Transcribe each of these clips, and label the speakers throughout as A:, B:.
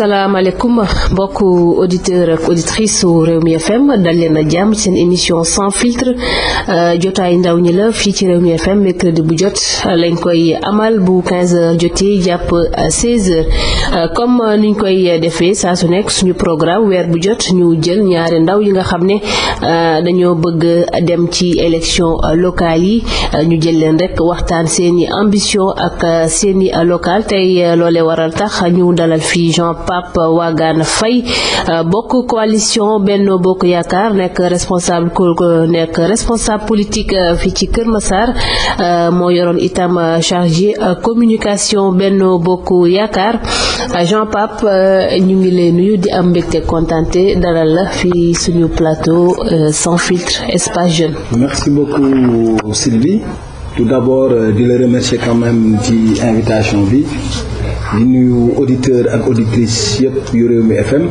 A: salaamaaleykum mbokk auditeur ak auditrice u réew Rewmi FM dal leen a jàmm seen émission sans filtre euh, jotaay ndaw ñi la fii ci réew mi FM mercredi bu jot lañ koy amal bu 15 heures jotee jàpp 16 heures euh, comme niñ koy defee saa su nekk suñu programme weer bu jot ñu jël ñaari ndaw yi nga xam ne euh, dañoo bëgg dem ci élection locale yi ñu jël leen rek waxtaan seeni ambition ak seeni local tey loole waral tax ñu dalal fii Jean Pape Wagane fay euh, bokk coalition Benno Bokk Yaakaar nekk responsable nekk responsable politique euh, fii ci Kër Massar euh, moo yoroon itam chargé communication Benno Bokk Yaakaar Jean Pape ñu ngi lay nuyu di am mbégte contenté dalal la fii suñu plateau sans filtre espace jeune.
B: bi. di nuyu auditeur ak auditrice yëpp yu réew mi FM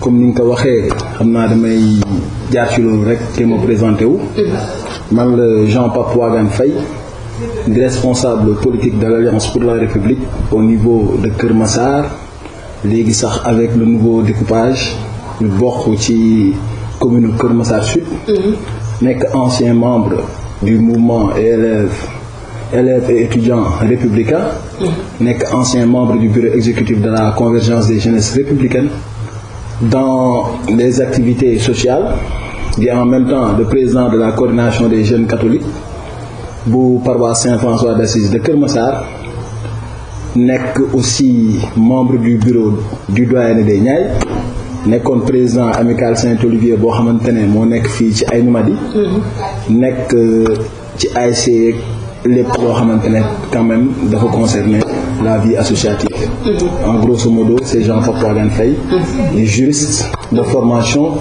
B: comme ni nga ko waxee xam naa damay jaar ci loolu rek te ma présenté wu man la Jean Pape Wagane Faye di responsable politique de l'Alliance pour la République au niveau de Kër Massar léegi sax avec le nouveau découpage ñu bokk ci commune Kër Massar Sud mm-hmm. nekk ancien membre du mouvement élèves élève et étudiant républicain mm-hmm. nekk ancien membre du bureau exécutif de la convergence des jeunesses républicaines dans les activités sociales di en même temps le président de la coordination des jeunes catholiques bu paroisse Saint-François d'Assise de Kër Massar nekk aussi membre du bureau du doyen des Niayes nekkoon président amical Saint-Olivier boo xamante ne moo nekk fii ci ay numadi
C: mm-hmm.
B: nekk euh, ci AIC lépp loo xamante ne quand même dafa concerner la vie associative en grosso modo c'est Jean Papa Gane Faye juriste de formation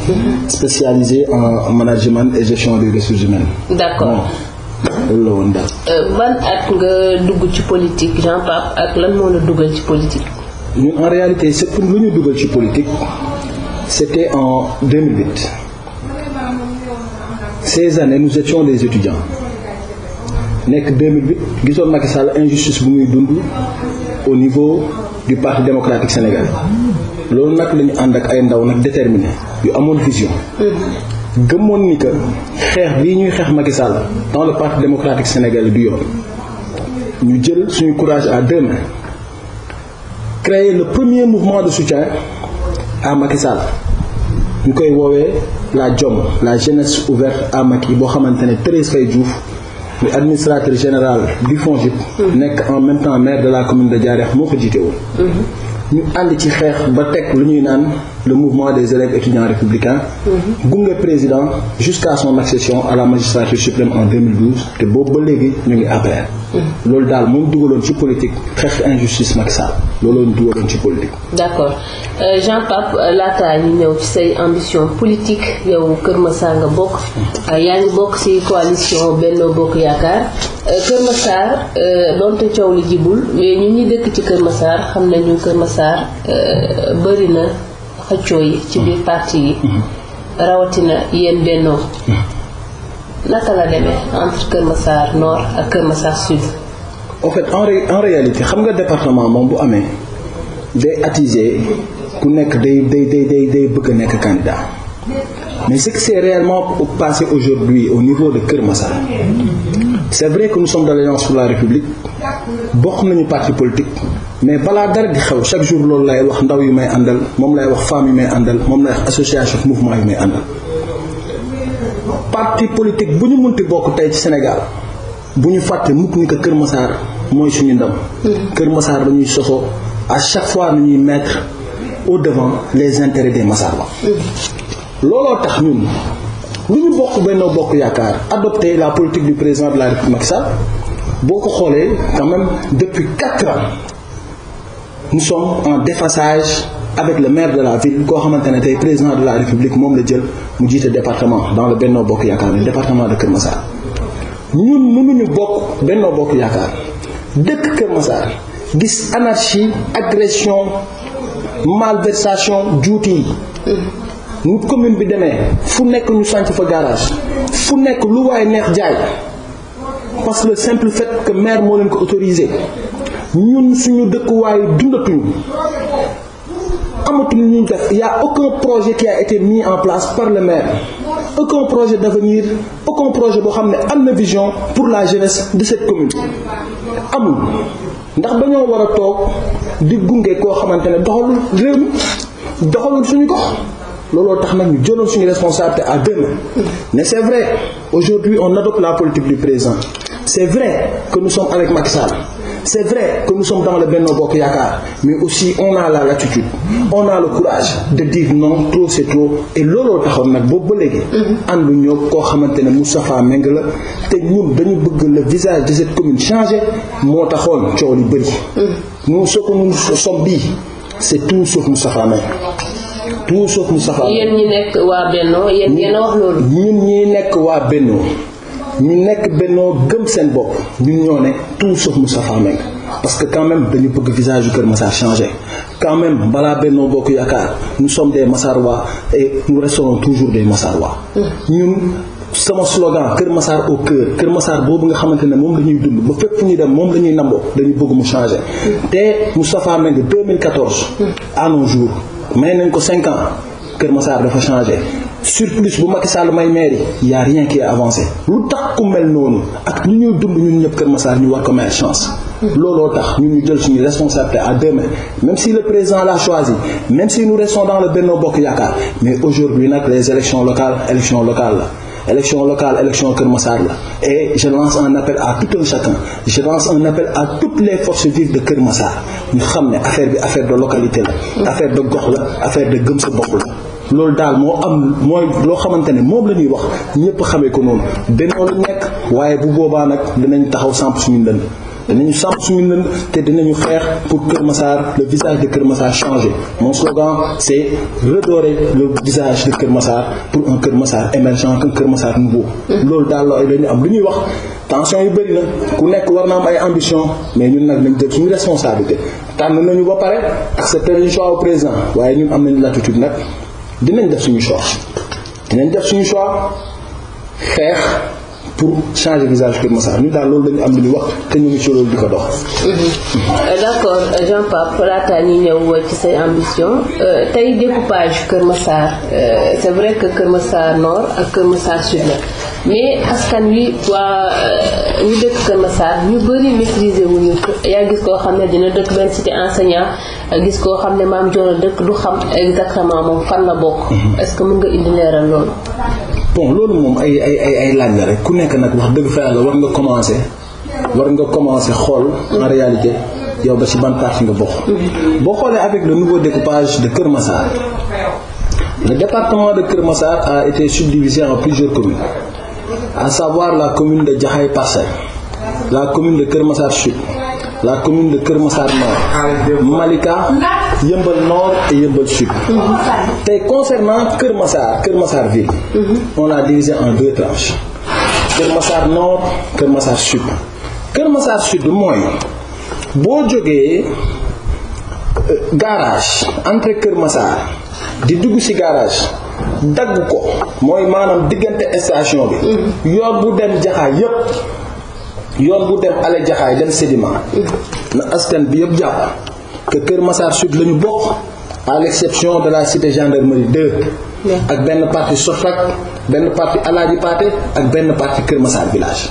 B: spécialisé en management et gestion des ressources humaines d'accord loolu la woon daal
A: euh, ban at nga dugg ci politique Jean Pape
B: ak lan moo la dugal ci politique ñun en réalité c'est pour lu ñu dugal ci politique c'était en 2008 ces années nous étions des étudiants nekk bi gisoon Macky Sall injustice bu muy dund au niveau du parti démocratique sénégal loolu nag la ñu ànd ak ay ndaw nag déterminé yu amoon vision. gëmoon ni que xeex bii ñuy xeex Macky Sall dans le parti démocratique sénégalais du yoon ñu jël suñu courage à deux mains créer le premier mouvement de soutien à Macky Sall ñu koy woowee la JOM la jeunesse ouvert à Macky boo xamante ne Thérèse Faye Diouf. muy administrateur général du FONGIP. Mm-hmm. nekk en même temps maire de la commune de Diarèh moo ko jiite woon. Mm-hmm. ñu ànd ci xeex ba teg lu ñuy naan le mouvement des élèves étudiants républicains mhm. gunge président jusqu'à son accession à la magistrature suprême en 2012 te boobu ba léegi ñu ngi APR mhm. loolu daal moom dugaloon ci politique xeex injustice Macky Sall looloo ñu dugaloon ci politique
A: d'accord euh, Jean-Pape euh, laata ñu ñëw ci say ambition politique yow Kër Massar nga bokk mhm. euh, yaa ngi bokk ci coalition Benno Bokk Yaakaar Euh, Kër Massar euh, donte coow li jibul mais ñun ñi dëkk ci Kër Massar xam nañu Kër Massar euh, bëri na xëccoo yi ci biir parti yi mhm. rawatina yéen bennoo mhm. naka la demee entre Kër Massar Nord ak Kër Massar
B: Sud en fait en réalité xam nga département moom bu amee day attiser ku nekk day day day day day bëgg a nekk candidat mais ce qui s'est réellement passé aujourd'hui au niveau de Kër Massar c'est vrai que nous sommes dans l'alliance pour la république bokk nañu parti politique mais balaa dara di xew chaque jour loolu lay wax ndaw yu may àndal moom lay wax femmes yu may àndal moom lay wax association mouvement yu may àndal parti politique bu ñu munti bokk tey ci Sénégal bu ñu fàtte mukk ni que Kër Massar mooy suñu ndam Kër Massar dañuy soxo à chaque fois nu ñuy mettre au devant les intérêts des Massarois looloo tax ñun lu ñu bokk Benno Bokk Yaakaar adopté la politique du président de la République Macky boo ko xoolee quand même depuis quatre ans nous sommes en déphasage avec le maire de la ville koo xamante ne tey président de la République moom la jël mu jiite département dans le Benno Bokk Yaakaar le département de Kër Massar ñun mënuñu bokk Benno Bokk Yaakaar dëkk Kër Massar gis anarchie agression malversation juuti yi nu commune bi demee fu nekk ñu sànc fa garage fu nekk lu waaye neex jaay parce que le simple fait que maire moo leen ko autorisé ñun suñu dëkkuwaay dundatuñu amatuñu ñu def y a aucun projet qui a été mis en place par le maire aucun projet d'avenir aucun projet boo xam ne am na vision pour la jeunesse de cette commune amul ndax dañoo war a toog di gunge koo xamante ne doxalul réew mi doxalul suñu gox looloo tax nag ñu jëloon suñu responsabilité à deux mais c'est vrai aujourd'hui on adopte la politique du présent c'est vrai que nous sommes avec Macky Sall c'est vrai que nous sommes dans le Benno Bokk Yaakaar mais aussi on a la latitude on a le courage de dire non trop c'est trop et looloo taxoon nag boobu ba léegi àndu ñoo koo xamante ne Moustapha Mbengue la te ñun dañu bëgg le visage de cette commune changé moo taxoon coow li bëri nous ce que nous sommes bii c'est tout sauf Moustapha tout sauf mu safaan. yéen
A: ñi nekk waa Bennoo yéen yéen a wax loolu.
B: ñi nekk waa Bennoo ñu nekk Bennoo gëm seen bopp ñun ñoo ne tout sauf mu safaan meng parce que quand dañu bëgg visage yu Kër Massar changé quand même balaa Bennoo Bokk Yaakaar nous sommes des Massarois et nous resterons toujours des Massarois. ñun sama slogan Kër Massar au cœur Kër Massar boobu nga xamante ne moom la ñuy dund ba fépp fu ñuy dem moom la ñuy namboo dañu bëgg mu changé mm. te Moustapha Mbengue 2014 à nos jours may nañ ko cinq ans Kër Massar dafa changé surplus bu Macky Sall may mairie yaa a rien qui est avancé lu tax ku mel noonu ak ñu ñuy dund ñun ñëpp Kër Massar ñu war ko may chance. looloo tax ñun ñu jël suñu responsabilité à deux mains même si le président l'a choisi même si nous restons dans le Benno Bokk Yaakaar mais aujourd'hui nag les élections locales élections locales la. élection locale élection Kër Massar la et je lance un appel à tout un chacun je lance un appel à toutes les forces vives de Kër Massar ñu xam ne affaire bi affaire de localité la affaire de gox la affaire de gëm sa bopp la loolu daal moo am mooy loo xamante ne moom la ñuy wax ñëpp xamee ko noonu bennoo la nekk waaye bu boobaa nag dinañ taxaw samp suñu ndënd danañu samp suñu lënd te dinañu xeex pour Kër Massar le visage de Kër Massar changer mon slogan c'est redorer le visage de Kër Massar pour un Kër Massar émergent un Kër Massar nouveau loolu daal la ñu am lu ñuy wax tension yu bëri na ku nekk war na am ay ambition mais ñun nag nañ jël suñu responsabilité tànn nañu ba pare accepté nañu choix au président waaye ñun am nañu latitude nag dinañ def suñu choix dinañ def suñu choix xeex pour changer visage Kër Massar ñu daal loolu dañu am lu ñu wax te ñu ngi ci loolu di ko dox.
A: Mhm. d'accord Jean Pape laata ñuy ñëw ci say ambition euh, tey découpage Kër Massar euh, c'est vrai que Kër Massar noor ak Kër Massar sud la mais askan wi waa euh, ñu dëkk Kër Massar ñu bëri maîtriser wuñu yaa gis koo xam ne dina dëkk benn cité enseignant gis koo xam ne maam Dior dëkk du xam exactement moom fan la bokk. Mhm. est que mën nga indi leeral loolu.
B: bon loolu moom ay ay ay ay laaj ku nekk nag wax dëgg fa la war nga commencer war nga commencer xool en réalité yow ba ci ban partie nga bokk. boo xoolee avec le nouveau découpage de Kër Massar le département de Kër Massar a été subdivisé en plusieurs communes à savoir la commune de Jaxaay Parcelles la commune de Kër Massar Sud la commune de Kër Massar Nord Malika yëmbal nord et yëmbal sud. Mhm. tey concernant Kër Massar Kër Massar ville. Mhm. on l'a divisé en deux tranches. Kër Massar nord Kër Massar sud. Kër Massar sud mooy boo jógee euh, garage entre Kër Massar di dugg ci garage dagg ko mooy maanaam diggante station bi. Mhm. yoon bu dem jaxaay yépp yoon bu dem ale jaxaay dem sédiment na askan bi yépp jàpp. que Kër Massar Sud la ñu bokk à l'exception de la cité gendarmerie 2. ak benn partie Sofrak benn partie Alaaji Paate ak benn partie Kër Massar village.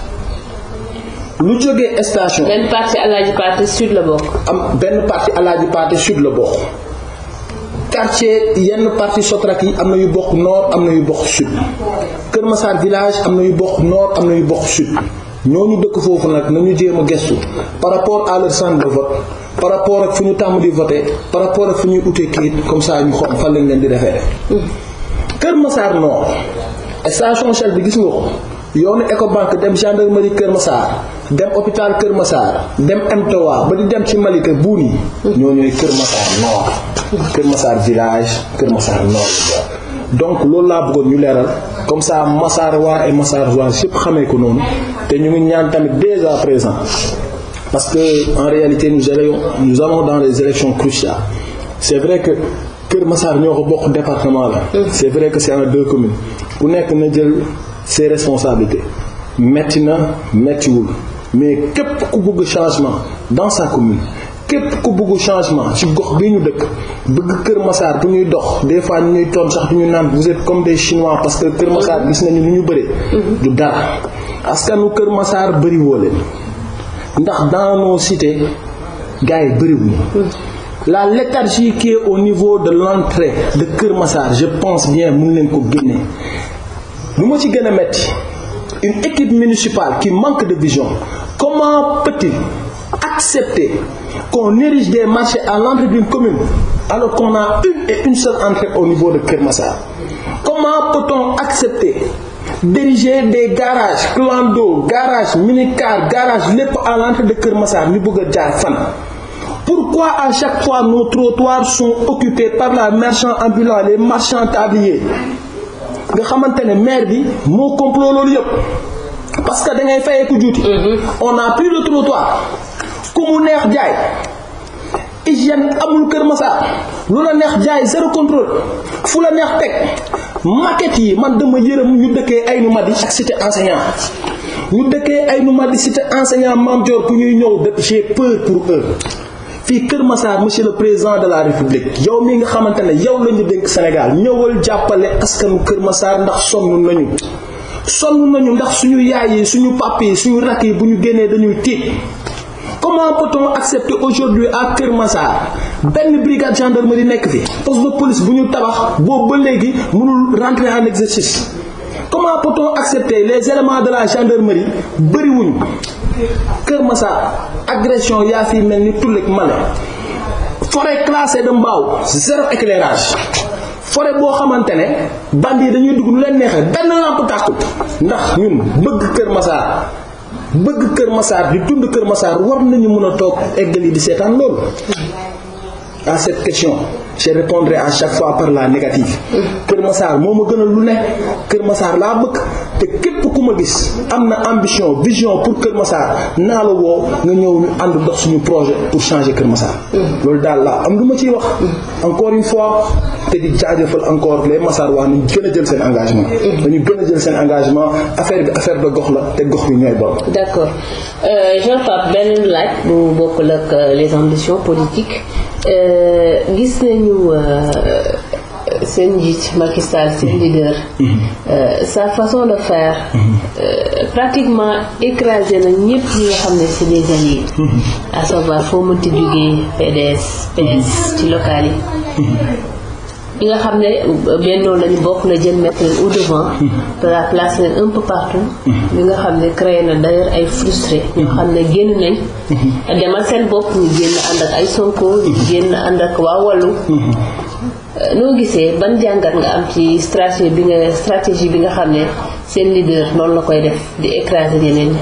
B: lu jógee station. benn partie Alaaji Paate sud la am benn partie Alaaji Paate sud la bokk. quartier yenn partie Sotrak yi am na yu bokk nord am na yu bokk sud Kër Massar village am na yu bokk nord am na yu bokk sud ñooñu dëkk foofu nag nañu jéem a gestu par rapport à leur centre de vote par rapport ak fu ñu tàmm di voté par rapport ak fu ñuy utee kayit comme ça ñu xam fan lañ leen di defee def Kër Massar Nord station Shell bi gis nga ko yoonu Ecobank dem gendarmerie Kër Massar dem hôpital Kër Massar dem MTOA ba di dem ci Malika buur yi ñoo ñooy Kër Massar Nord Kër Massar village Kër Massar Nord donc loolu laa bëggoon ñu leeral comme ça Massar waa et Massar waa yëpp xamee ko noonu te ñu ngi ñaan tamit dès à présent Parce que en réalité nous allons nous dans les élections cruciales. C'est vrai que Kër Massar ñoo ko bokk département la. Mm. C'est vrai que c'est en deux communes. ku nekk na jël ses responsabilité metti na mettiwul mais képp ku bugg changement dans sa commune képp ku bugg changement ci gox bi ñu dëkk bëgg Kër Massar bu ñuy dox des fois ñuy toog sax du ñu naan vous êtes comme des chinois parce que Kër Massar gis nañu lu ñu bëree. Mm-hmm. du dara askanu Kër Massar bëriwoo leen. ndax dans nos cités gars yi bëriwuñu la léthargie qui est au niveau de l'entrée de Kër Massar je pense bien mun leen ko génne lu ma ci gën a metti une équipe municipale qui manque de vision comment peut-il accepter qu'on érige des marchés à l'entrée d'une commune alors qu'on a une et une seule entrée au niveau de Kër Massar comment peut accepter diriger des garages clando garage minicar garage lépp à l'entrée de Kër Massar ñu bëgg a jaar fan pourquoi à chaque fois nos trottoirs sont occupés par la marchand ambulant les marchands tabliers nga xamante ne maire bi moo complot loolu yëpp parce que dangay ngay fayee ku juuti mm-hmm. on a pris le trottoir ku mu neex jaay hygiène amul Kër Masaar lu la neex jaay zéro contrôle fu la neex teg maquette yi man dama yërëm ñu dëkkee ay nu madi ak cité enseignant ñu dëkkee ay nu madi cité enseignant Mame Dior bu ñuy ñëw dëkk j'ai peur pour eux fii Kër Massar monsieur le président de la république yow mi nga xamante ne yow la ñu dénk Sénégal ñëwal jàppale askanu Kër Massar ndax sonn nañu sonn nañu ndax suñu yaay yi suñu papa yi suñu rakk yi bu ñu génnee dañuy tiit comment peut-on accepter aujourd'hui à Kër Massar benn brigade gendarmerie nekk fi poste de police bu ñu tabax boobu ba léegi mënul rentre en exercice comment peut-on accepter les éléments de la gendarmerie bëriwuñ Kër Massar agression yaa fi mel ni tulleeg mala forêt classée de Mbao zéro éclairage forêt boo xamante ne yi dañuy dugg nu leen neexee benn lampe tàkkul ndax ñun bëgg Kër Massar bëgg Kër masaar di dund Kër Massar war nañu mën a toog eggali di seetaan loolu. à cette question je répondrai à chaque fois par la négative. Kër Massar moo ma a lu ne Kër masaar laa bëgg te képp ku ma gis am na ambition vision pour Kër Massar naa la woo nga ñëw ñu ànd dox suñu projet pour changer Kër Massar. loolu daal la am lu ma ciy wax. encore une fois te di jaajëfal encore les encore waa nañ gën a jël seen engagement. dañu gën a jël seen engagement affaire bi affaire ba gox la te gox bi ñooy borom.
A: d'accord euh, Jean-Pape benn laaj bu bokkul ak euh, les ambitions politiques euh, gis nañu. seen njiit Macky Sall seen mm-hmm. leader. Mm-hmm. Euh, sa façon de faire. Mm-hmm. Euh, pratiquement écrasé na ñëpp ñi nga xam ne ci des alliés. à savoir foo mënti jógee PDS PS ci local yi. ñi nga xam ne bennoo lañu bokk na jël mettre leen au devant la place leen un peu partout ñi nga xam ne créer na d'ailleurs ay frustré ñoo xam ne génn nañ demal seen bopp ñu génn ànd ak ay Sonko ñu génn ànd ak waa Euh, noo gisee ban jàngat nga am ci stratégie bi nga stratégie bi nga xam ne seen leader noonu la koy def di écraser ñeneen ñi.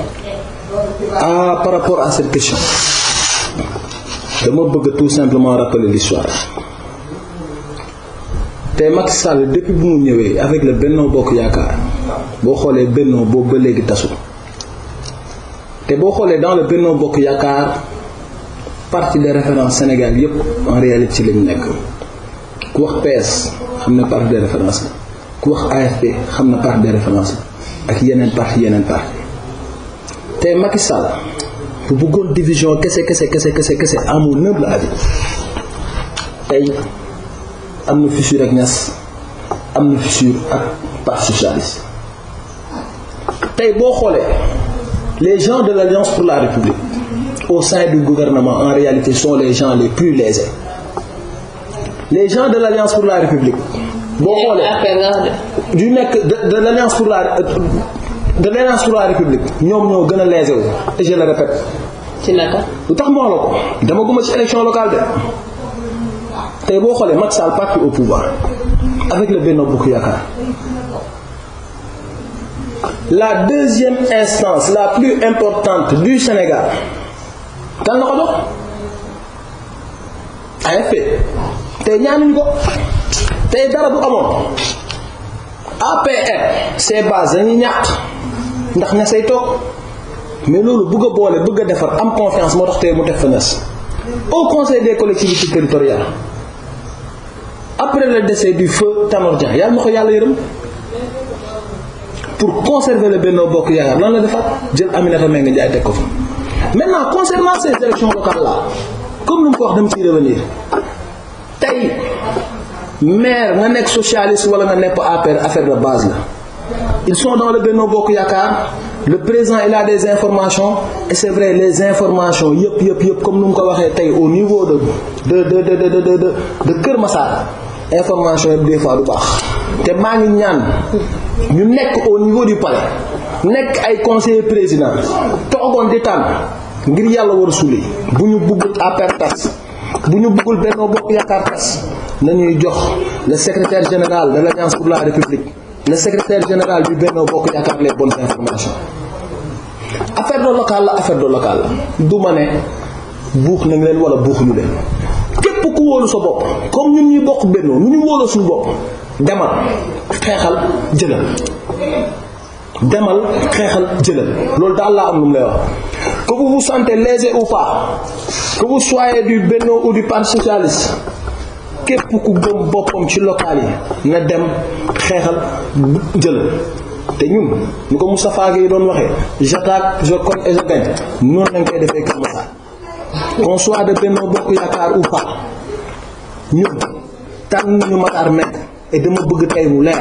B: ah par rapport à cette question dama bëgg tout simplement rappeler l'histoire tey Macky Sall depuis bu mu ñëwee avec le Benno Bokk Yaakaar boo xoolee Benno boobu ba léegi tasu te boo xoolee dans le Benno Bokk Yaakaar parti de référence Sénégal yépp en réalité ci lañu nekk. ku wax PS xam na parti de référence la ku wax AFP xam na parti de référence la ak yeneen parti yeneen parti te Macky Sall bu bëggoon division kese kese kese kese kese amul nëb la abi tey am na fissure ak ñas am na fissure ak parti socialiste tey boo xoolee les gens de l'Alliance pour la République au sein du gouvernement en réalité sont les gens les plus lésés les gens de l'Alliance pour la République.
A: boo xoolee
B: du nekk de de l'Alliance pour la de l'Alliance pour la République ñoom ñoo gën a lésew et je le répète. ci naka. lu tax moo la ko dama guma ci élection locale de tey boo xoolee Macky Sall parti au pouvoir avec le Benno Bokk Yaakaar la deuxième instance la plus importante du Sénégal kan la ko AFP. tey ñaanuñ ko tey dara bu amoon APR ces bases dañuy ñàkk ndax ña say toog mais loolu bëgg a boole bëgg a defar am confiance moo tax tey mu teg fa ñas au conseil des collectivités territoriales après le décès du feu Tanor Dia yàlla na ko yàlla yërëm pour conserver le Benno Bokk Yaakaar lan la defar jël Aminata Mbengue Ndiaye teg ko fa maintenant concernant ces élections locales là comme lu mu ko wax dama ciy revenir maire nga nekk socialiste wala nga nekk APR affaire de base la ils sont dans le Benno Bokk Yaakaar le président il a des informations et c'est vrai les informations yëpp yëpp yëpp comme nu mu ko waxee tey au niveau de de de de de de de, Kër Massar information yëpp des fois du baax te maa ngi ñaan ñu nekk au niveau du palais nekk ay conseiller président toogoon di tànn ngir yàlla war a bu ñu bëggul APR tas bu ñu buggul Benno Bokk Yaakaar tas nañuy jox le secrétaire général de l'alliance pour la république le secrétaire général bi Benno Bokk Yaakaar les bonnes informations affaire de locale la affaire de locale la du ne buux nañ leen wala buuxuñu leen képp ku wóolu sa bopp comme ñun ñuy bokk Benno ñu ñu wóolu suñu bopp demal xeexal jëlal demal xeexal jëlal loolu daal laa am lu mu lay wax que vous vous sentez lésé ou pas que vous soyez du du Parti socialiste képp ku gëm boppam ci local yi na dem xeexal jël te ñun ñu ko Moustapha Gueye doon waxee j'attaque je compte et je noonu lañ koy defee Kër Massar qu'on soit de Benno Bokk Yaakaar ou pas ñun tànn nañu Matar Mbengue et dama bëgg tey mu leer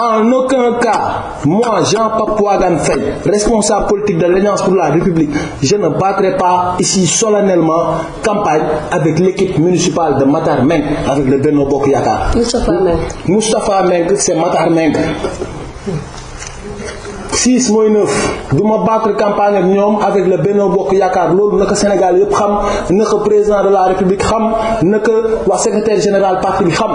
B: en aucun cas moi Jean-Pape Ouagane Faye responsable politique de pour la République je ne battrai pas ici solennellement campagne avec l'équipe municipale de Matar Meng avec le Benno Bokk Yakaar Moustapha Meng Moustapha Meng c'est Matar Meng du ma battre campagne ak ñoom avec le Benno Bokk Yaakaar loolu naka Sénégal yëpp xam naka président de la République xam naka waa secretaire général parti bi xam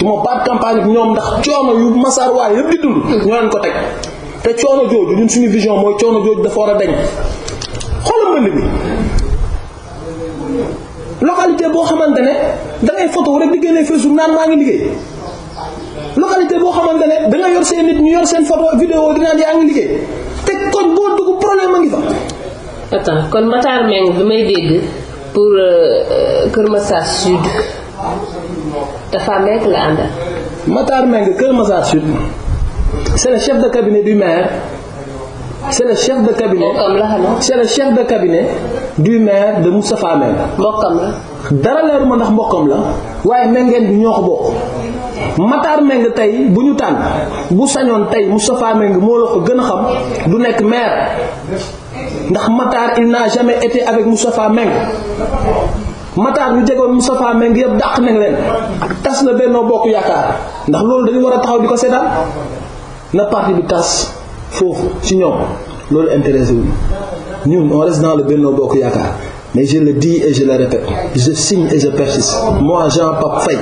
B: du ma baat campagne bi ñoom ndax coono yu masaar waaye yëpp di dund ñoo leen ko teg te coono jooju ñun suñu vision mooy coono jooju dafa war a dañ xoolal mbënd mi localité boo xamante ne dangay photo rek di génnee Facebook naan maa ngi liggéey localité boo xamante ne danga yor seen nit ñu yor seen photo vidéo di naan yaa ngi liggéey te koñ boo dugg problème a ngi fa
A: kon Matar Meng bi may dégg pour
B: euh, Kër Massar Sud Tafa Mbengue la àndal. Kër Massar Sud c'est chef de cabinet du maire c'est chef de cabinet c'est le chef de cabinet du maire de Moustapha Mbengue. dara leer ma ndax mbokkam la waaye Mbengue ñoo ko bokk. Matar Mbengue tey bu ñu tànn bu sañoon tey Moustapha Mbengue moo la ko gën a xam du nekk maire ndax Matar il n'a jamais été avec Moustapha Mbengue. mataar ñu jegoon Moustapha Meng yëpp dàq nañ leen ak tas na Benno Bokk Yaakaar ndax loolu dañu war a taxaw di ko seetaan na parti bi tas foofu ci ñoom loolu intéressé wu ñun on reste dans le Benno Bokk Yaakaar mais je le di et je le répète je signe et je persiste moi Jean Pape Faye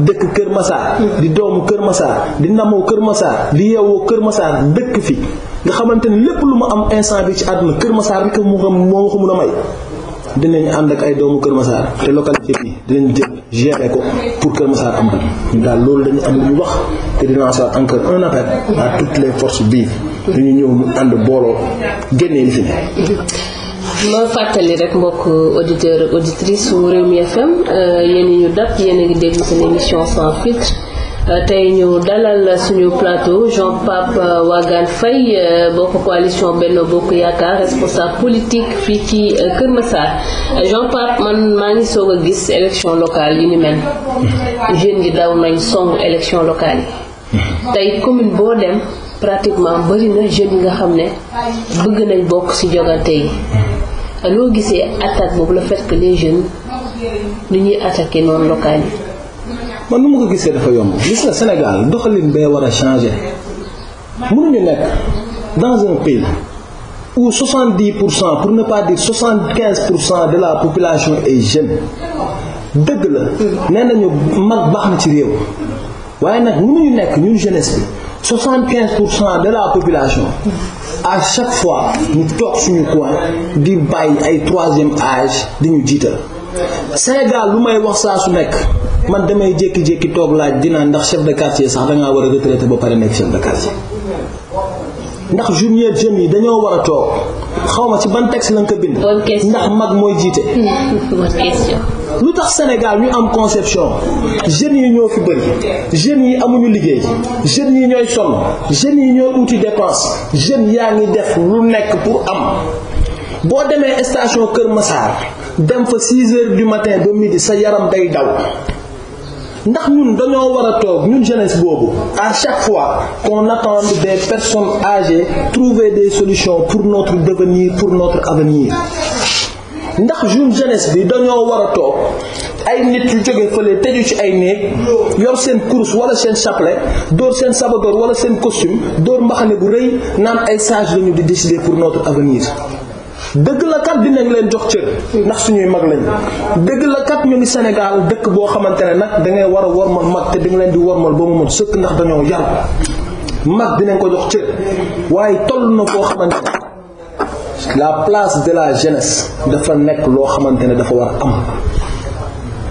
B: dëkk Kër Massar di doomu Kër Massar di namoo Kër Massar di yeewoo Kër Massar dëkk fi nga xamante ne lépp lu ma am instant bi ci àdduna Kër Massar rek moo xam moo ma ko mun a dinañ ànd ak ay doomu Kër Massar te localité bi ñu jël gérer ko pour Kër Massar am ñu daal loolu dañu am lu ñu wax te dina lancer encore un appel à toutes les forces vives dañu ñëw ñu ànd booloo génnee li fi
A: ma fàttali rek mbokk auditeur ak auditrice wu Rewmi FM euh, yéen ñu dab yéen a ngi déglu seen émission sans filtre Euh, tey ñu dalal suñu plateau Jean-Pape euh, Wagane Faye euh, bokk coalition Benno Bokk Yaakaar responsable politique fii ci Kër Massar Jean-Pape man maa ngi soog a gis élection locale yu ni mel mhm. jeunes yi daw nañ song élection locale yi mhm. tey commune boo dem pratiquement bëri na jeunes yi nga xam ne bëgg nañ bokk ci jogante yi mhm. loo gisee attaque boobu la fait que les jeunes nu ñuy attaqué noonu
B: locale yi man nu ma ko gisee dafa yomb gis nga Sénégal doxalin bee war a changer ñu nekk dans un pays où 70 pour cent pour ne pas dire 75 pour cent de la population est jeune dëgg la nee nañu mag baax na ci réew waaye nag mënuñu nekk ñun jeunesse bi 75 pour cent de la population à chaque fois ñu toog suñu coin di bàyyi ay troisième age di ñu jiita Sénégal lu may wax saa su nekk. man damay jékki-jékki toog laaj dinaa ndax chef de quartier sax dangaa war a retraité ba pare nekk chef de quartier ndax junior jeunes yi dañoo war a toog xawma ci ban texte lañ ko bind ndax mag mooy jiite hmm, lu tax Sénégal ñu am conception jeunes yi ñoo fi bëri jeunes yi amuñu liggéey jeunes yi ñooy sonn jeunes yi ñooy uti dépense jeunes yaa ngi def lu nekk pour am boo demee station Kër Massar dem fa 6 heures du matin ba midi sa yaram day daw ndax ñun dañoo war a toog ñun jeunesse boobu à chaque fois qu'on attend des personnes âgées trouver des solution pour notre devenir pour notre avenir ndax ñun jeunesse bi dañoo war a toog ay nit yu jógee fële tëju ci ay néeg yor seen course wala seen chapelet door seen sabadoor wala seen costume dóor mbaxane bu rëy naan ay sage lañu di décider pour notre avenir dëgg la kat dinañ leen jox cër ndax suñuy mag lañ dëgg la kat ñu ngi Sénégal dëkk boo xamante ne nag da ngay war a wormal mag te di nga leen di wormal ba mu mën sëkk ndax dañoo yar mag dinañ ko jox cër waaye toll na koo xamante ne la place de la jeunesse dafa nekk loo xamante ne dafa war a am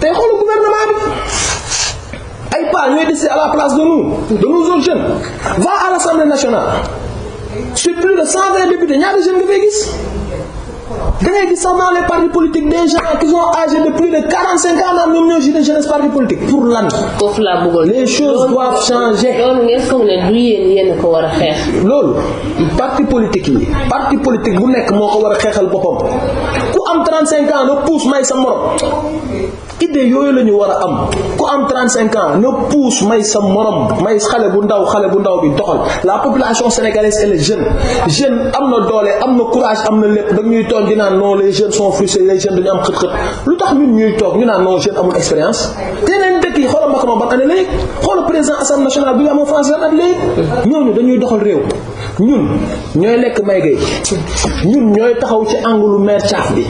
B: tey xoolu gouvernement bi ay pas ñooy décider à la place de nous de nous autres jeunes va à l'Assemblée nationale sur de cent vingt députés ñaari jeunes nga fay da ngay gis sax dans les partis politiques des gens qui sont âgés de plus de quarante cinq ans daal ñoom ñoo jiite jeunesse politique pour lan. foofu laa bëggoon les choses doivent changer. loolu ngeen foog ne du yéen yéen ko war a xeex. loolu parti politique yi. parti politique bu nekk moo ko war a xeexal boppam. am 35 ans nga puus may sa morom idée yooyu la ñu war a am ku am 35 ans nga puus may sa morom may xale bu ndaw xale bu ndaw bi doxal la population sénégalaise elle est jeune jeune am na doole am na courage am na lépp da ñuy toog di naan non les jeunes sont frustrés les jeunes dañu am xët lu tax ñun ñuy ñu naan non jeune amul expérience fii xoolal Macron ban année la président assemblée nationale bi nga amoon France lan at la ñooñu dañuy doxal réew ñun ñooy lekk may gay ñun ñooy taxaw ci angulu maire caaf bi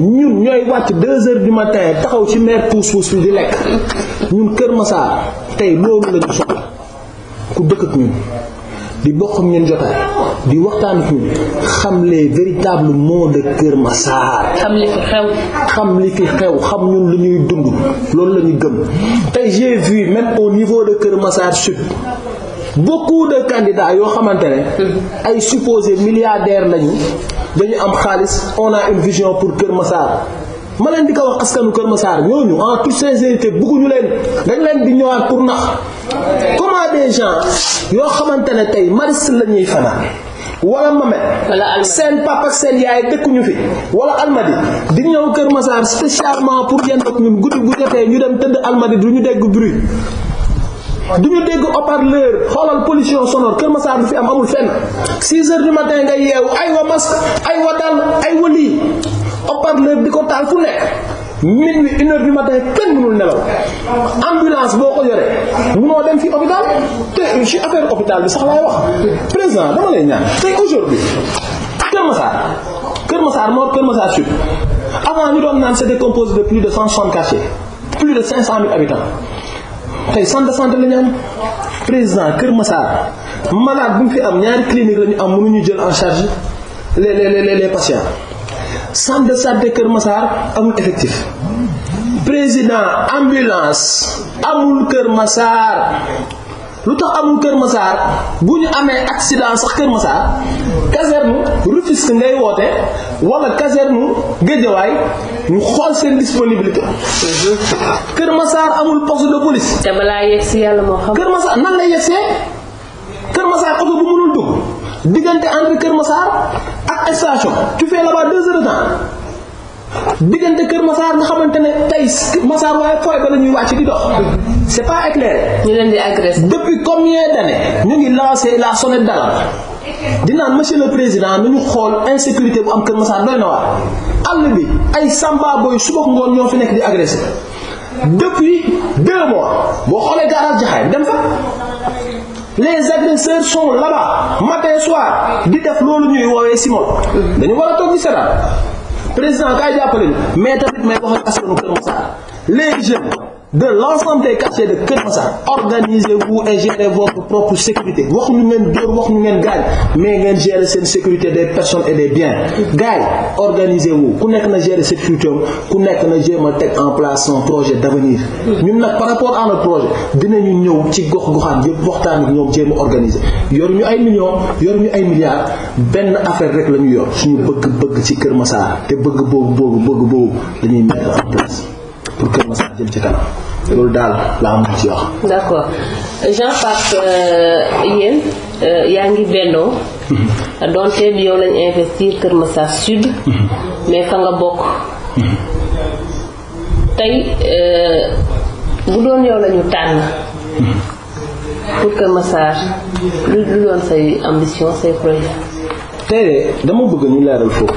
B: ñun ñooy wàcc deux heures du matin taxaw ci maire puus puus bi di lekk ñun Kër Massar tey loolu lañu soxla ku dëkk ñun di bokk ak ñun jotaay di waxtaan ak ñun xam les véritables mots de Kër Massar. xam li fi xam li fi xew xam ñun lu ñuy dund loolu la ñu gëm te j'ai vu même au niveau de Kër Massar Sud. beaucoup de candidats yoo xamante ne mm-hmm. ay supposés milliardaires lañu dañu am xaalis on a une vision pour Kër Massar ma leen di ko wax askanu Kër Massar ñooñu en toute sincérité bëgguñu leen dañ leen di ñëwaat pour nax comment des gens yoo xamante ne tey mars la ñuy fanaan wala Mamet seen papa ak seen yaay dëkkuñu fi wala almadi di ñëw Kër Massar spécialement pour yenn ak ñun guddi bu jotee ñu dem tëdd almadi du ñu dégg bruit du ñu dégg haut-parleur xoolal pollution sonore Kër Massar du fi am amul fenn 6 heures du matin nga yeewu ay wa masque ay wa dal ay wa lii haut di ko taal fu nekk minuit une heure du matin kenn mënul nelaw ambulance boo ko yoree munoo dem fi hôpital te ci affaire hôpital bi sax laay wax président dama lay ñaan tey aujourd'hui Kër Massar Kër Massar Nord Kër Massar Sud avant ñu doon naan c'était composé de plus de 160 quartiers plus de 500 000 habitants te centre de santé la ñu am président Kër Massar malade bu ñu fi am ñaari clinique la ñu am mënuñu jël en charge les les les les patients. centre de santé Kër Massar amul effectif président ambulance amul Kër Massar lu tax amul Kër Massar bu ñu amee accident sax Kër Massar caserne Rufisque ngay woote wala caserne Guédiawaye ñu xool seen disponibilité. Kër Massar amul poste de police. te balaa yegg si yàlla moo Kër Massar nan lay yegsee Kër Massar oto bu mënul dugg. diggante entre Kër Massar ak station tu fais là-bas deux de temps diggante Kër Massar na xamante ne tey Massar waaye fooy ba la ñuy ci di dox c'est pas éclairé. ñu leen di agressé. depuis ñu ngi lancé la sonnette d'alarme dinaan monsieur le président nañu xool insécurité bu am Kër Massar doy na waar àll bi ay samba boy suba ngoon ñoo fi nekk di agressé depuis deux boo xoolee garage Jaxaay dem fa. les agresseurs sont là-bas matin soir di def loolu ñuy woowee Simon dañu war a toog di seetaan président kaay jàppale mais tamit may wax ak askanu Kër Massar les jeunes. de l'ensemble des quartiers de kër Massar organisez-vous et gérez votre propre sécurité wax ñu ngeen dóor wax ñu ngeen gaañ mais ngeen gérer seen sécurité des personnes et des biens gars yi wu vous ku nekk na gérer sécurité am ku nekk na jéem a teg en place son projet d'avenir ñun nag par rapport à notre projet dinañu ñëw ci gox goxaan yëpp waxtaan ñoom jéem a organiser ñu ay millions ñu ay milliards benn affaire rek la ñu yor suñu bëgg-bëgg ci Keur Massar te bëgg boobu boobu bëgg boobu dañuy mettre pour Kër Massar jëm ci kanam loolu daal la am ci wax.
A: d'accord Jean-Pape euh, yéen euh, yaa ngi bennoo. Mhm. donte bi yow lañ investir Kër Massar Sud. Mhm. mais fa nga bokk. Mhm. tey euh, bu doon yow lañu tànn. pour Kër Massar lu doon say ambition say projet.
B: tey dama bëgg ñu leeral foofu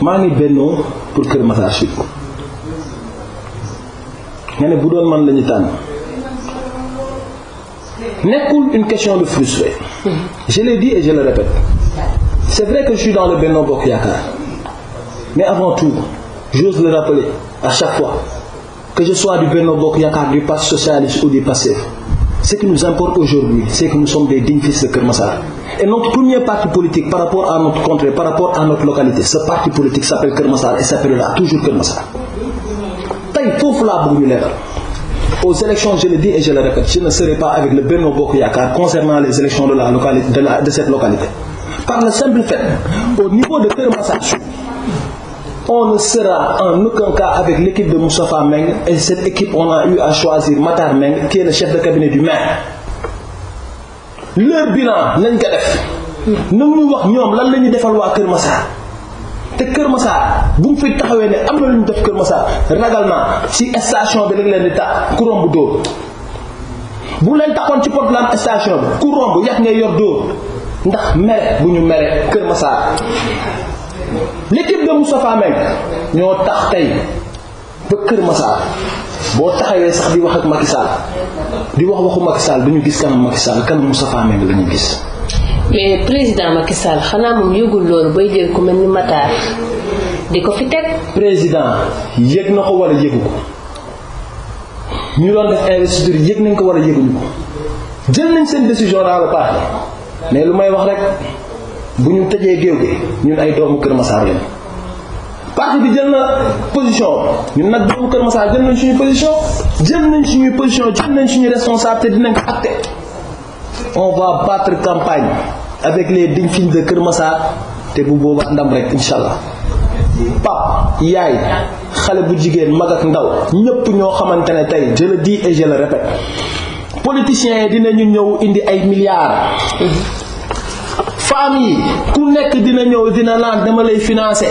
B: maa ngi bennoo pour Kër Massar Sud. nga bu doon man lañu tànn nekkul une question de frustré je l'ai dit et je le répète c'est vrai que je suis dans le Benno Bokk Yaakaar mais avant tout j'ose le rappeler à chaque fois que je sois du Benno Bokk Yaakaar du Parti socialiste ou du PASTEF ce qui nous importe aujourd'hui c'est que nous sommes des dignes fils de Keur et notre premier parti politique par rapport à notre contrée par rapport à notre localité ce parti politique s'appelle Keur et s'appellera toujours Keur foofu laa bëgg ñu leeral aux élections je le et je le répète je ne serai pas avec le Benno Bokk Yaakaar concernant les élections de la localité de, la, de cette localité par le simple fait au niveau de Keur Massar on ne sera en aucun cas avec l'équipe de Moustapha Meng et cette équipe on a eu à choisir Matar Meng qui est chef de cabinet du maire le bilan lañ ko def nañ ñu wax ñoom lan la ñu defal waa Kër Massar te Kër Massar bu mu fi taxawee ne am na lu ñu def Kër Massar ragal naa ci station bi dañ leen di tax ku romb dóor bu leen taxoon ci porte station bi ku romb yàq nga yor dóor ndax mere bu ñu mere Kër Massar l'équipe de Moustapha Meng ñoo tax tey ba Kër Massar boo taxawee sax di wax ak Macky Sall di wax waxu Macky Sall du ñu gis kanam Macky Sall kanam Moustapha Meng la ñu gis.
A: mais eh, président Macky Sall xanaa moom yëgul loolu bay jël ku mel ni Matar di ko fi teg.
B: président yëg na ko wala yëgu ko ñu doon def investiture yëg nañ ko war a yëguñu ko jël nañ seen décision dans baax parti mais lu may wax rek bu ñu tëjee géew gi ñun ay doomu Kër Massar lañu. parti bi jël na position ñun nag doomu Kër Massar jël nañ suñu position jël nañ suñuy position jël nañ suñu responsabilité dinañ ko acté on va battre campagne. avec les dignes fils de Kër Massar te bu boobaa ndam rek incha allah pap yaay xale bu jigéen mag ak ndaw ñépp ñoo xamante ne tey je di dis et je le répète politiciens dinañu ñëw indi ay milliards femmes yi ku nekk dina ñëw dina naan dama lay financer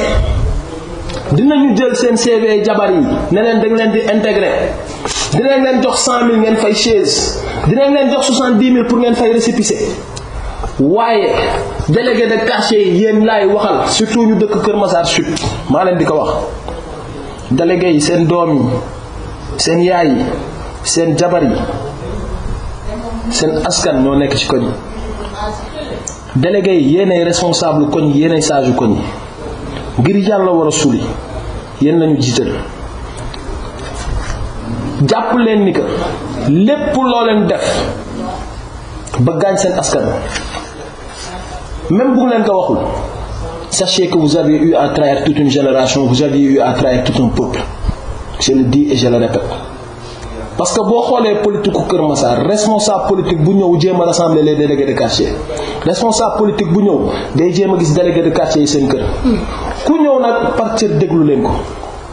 B: dinañu jël seen CV jabar yi ne leen dañ leen di intégrer dinañ leen jox cent mille ngeen fay chaise dinañ leen jox soixante-dix mille pour ngeen fay récépissé waaye délégué de quartier yi yéen laay waxal surtout ñu dëkk Kër Massar Sud maa leen di ko wax délégué yi seen doom yi seen yaay yi seen jabar yi seen askan ñoo nekk ci koñ délégué yi yéenay responsable koñ yéenay saaju koñ ngir yàlla war a suli yéen lañu jiital jàpp leen ni que lépp loo leen def ba gaañ seen askan même bu leen ko waxul sachez que vous avez eu à trahir toute une génération vous avez eu à trahir tout un peuple je le dis et je le parce que boo xoolee politique ku Kër Massar responsable politique bu ñëw jéem a rassembler les délégués de quartier responsable politique bu ñëw day jéem a gis délégués de quartier yi seen kër hmm. ku ñëw nag par déglu leen ko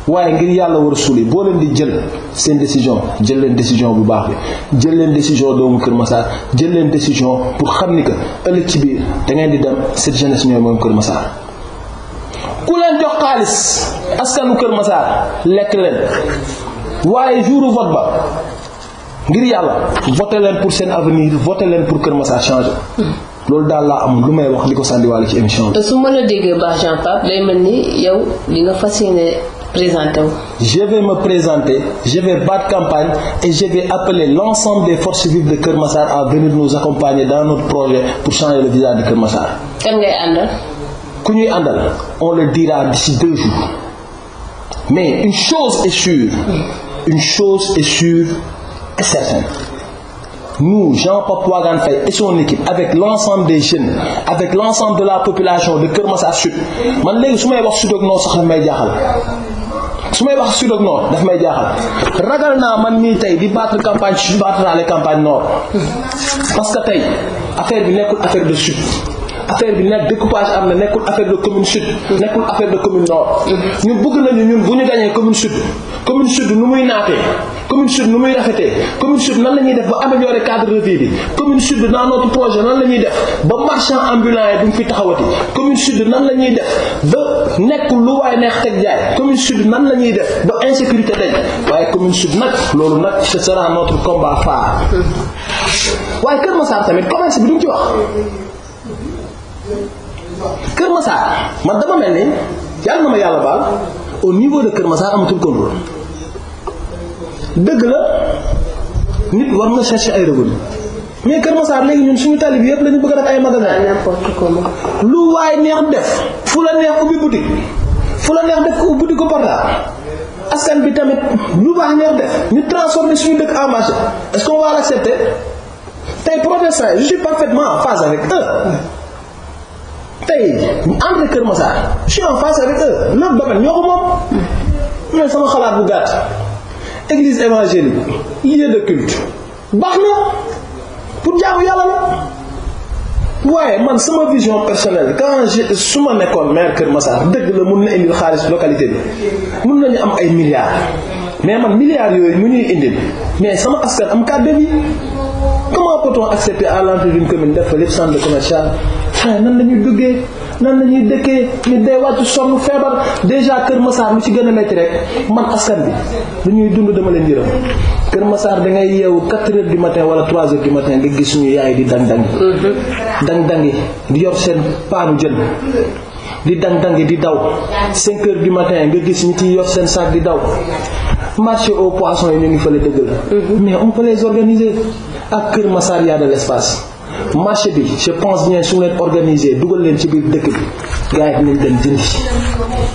B: waaye ngir yàlla war a boo leen di jël seen décision jël leen décision bu baax bi jël leen décision doomu Kër Massar jël leen décision pour xam ni que ëllëg ci biir da ngeen di dem cette jeunesse ñooy moom Kër Massar ku leen jox xaalis askanu Kër Massar lekk leen waaye jouru vote ba ngir yàlla voté leen pour seen avenir voté leen pour Kër Massar changé loolu daal laa amul lu may wax li ko sàndiwaale ci émission bi.
A: su ma la déggee baax
B: présenter je vais me présenter je vais battre campagne et je vais appeler l'ensemble des forces vives de Kër Massar à venir nous accompagner dans notre projet pour changer le visage de Kër Massar.
A: ngay àndal.
B: ku ñuy àndal on le dira d'ici deux jours mais une chose est sûre hmm. une chose est sûre et certaine. Nous, Jean-Paul Ouagane Faye et son équipe avec l'ensemble des jeunes avec l'ensemble de la population de Kër Massar Sud man léegi su may wax su ak noo sax may jaaxal su may wax sud ak nord daf may jaaxal ragal naa man mii tey di battre campagne sud battre naa les campagnes nord parce que tey affaire bi nekkul affaire de sud affaire bi nekk découpage am na nekkul affaire de commune sud nekkul affaire de commune nord ñun bëgg nañu ñun bu ñu gañee commune sud commune sud nu muy naatee commune sud nu muy rafetee commune sud nan la ñuy def ba améliorer cadre de vie bi commune sud dans notre projet nan la ñuy def ba marchand ambulant yi duñ fi taxawati commune sud nan la ñuy def ba nekk lu waay neex teg jaay commune sud nan la ñuy def ba insécurité dañ waaye commune sud nag loolu nag ce sera notre combat phare mm-hmm. waaye Kër Massar tamit commerce bi duñ ci wax Kër Massar man dama mel ne yàlla na ma yàlla baal au niveau de Kër Massar amatul contrôle dëgg la nit war nga chercher ay revenu mais Kër Massar léegi ñun suñu tali bi yëpp la bëgg a def ay magasin. n'importe comment. lu waay neex def fu la neex ubbi boutique fu la neex def ko ubbi ko portail askan bi tamit lu baax neex def ñu transformer suñu dëkk en marché est-ce qu'on va l'accepter tey protestant je parfaitement phase avec eux. tey entre Kër Massar je suis en face avec eux notre domaine ñoo ko moom sama xalaat bu gàtt église évangélique lieu de culte baax na pour jaamu yàlla la waaye man sama vision personnelle quand je su ma nekkoon maire Kër Massar dëgg la mun na indil xaalis localité bi mun nañu am ay milliards mais man milliards yooyu mu ñuy indil mais sama askan am kàddu bi comment peut-on accepter à l'entrée d'une def fa lépp centre commercial xanaa nan la ñuy duggee nan la ñuy dëkkee nit day wàcc sonn feebar déjà Kër Massar mu ci gën a métti rek man askan bi lu ñuy dund dama leen yërëm Kër Massar da ngay yeewu 4 heures du matin wala trois heures du matin nga gis suñu yaay di dang-dang mm-hmm. dang-dang yi di yor seen paanu jën di dang-dang yi di daw 5 heures du matin nga gis ñu ci yor seen sac di daw marché aux poissons yi ñu ngi fële dëgg la mm-hmm. mais on peut les organiser ak Kër Massar y marché bi je pense bien su leen organiser dugal leen ci biir dëkk bi gars yi dinañ dem jëndi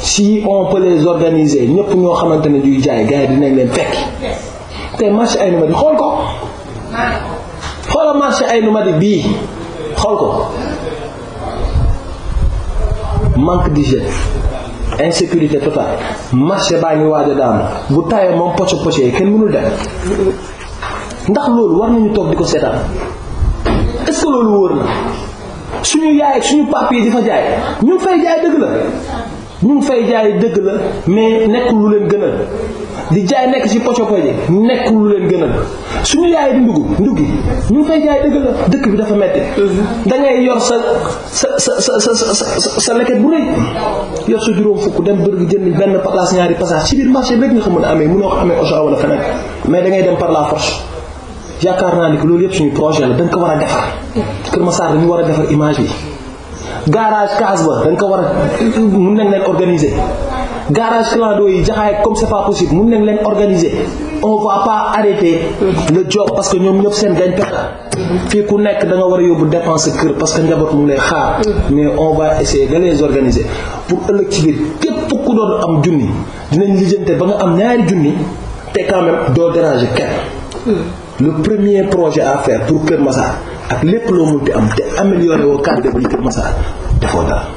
B: si on peut les organiser ñëpp ñoo xamante ne ñuy jaay gars yi dinañ leen fekk tey marché ay numadi xool ko xoola marché ay numadi bii xool ko manque d'hygiène insécurité totale marché baa ngi waaj a daanu bu tawee moom poche poche yi kenn mënul dem ndax loolu war nañu toog di ko seetaan est-ce que loolu wóor na suñu yaay ak suñu pape di fa jaay ñu ngi fay jaay dëgg la ñu ngi fay jaay dëgg la mais nekk lu leen gënal di jaay nekk ci poco poco yi nekkul lu leen gënal suñu yaay di ndugg nduggi ñu ngi fay jaay dëgg la dëkk bi dafa metti da ngay yor sa sa sa sa sa sa leket bu rëy yor sa juróom fukk dem bërëb jënd benn place ñaari passage ci biir marché bi rek nga xam mën a amee mënoo ko amee Auchan wala feneen mais da ngay dem par la force. yaakaar naa ni que loolu yëpp suñu projet la dañ ko war a defar Kër Massar dañu war a defar image bi garage case ba dañ ko war a mun nañ leen organiser garage clando yi jaxaay comme c'est pas possible mun nañ leen organiser on va pas arrêter le job parce que ñoom ñëpp seen gañ perte fii ku nekk da war a yóbbu dépense kër parce que njaboot mu ngi lay xaar mais on va essayer de les organiser pour ëllëg ci biir képp ku doon am junni dinañ lijjante ba nga am ñaari junni te quand même doo déranger le premier projet à faire pour Kër Massar ak lépp loo mënti am te améliorer woo cadre bi Kër Massar defoo dara.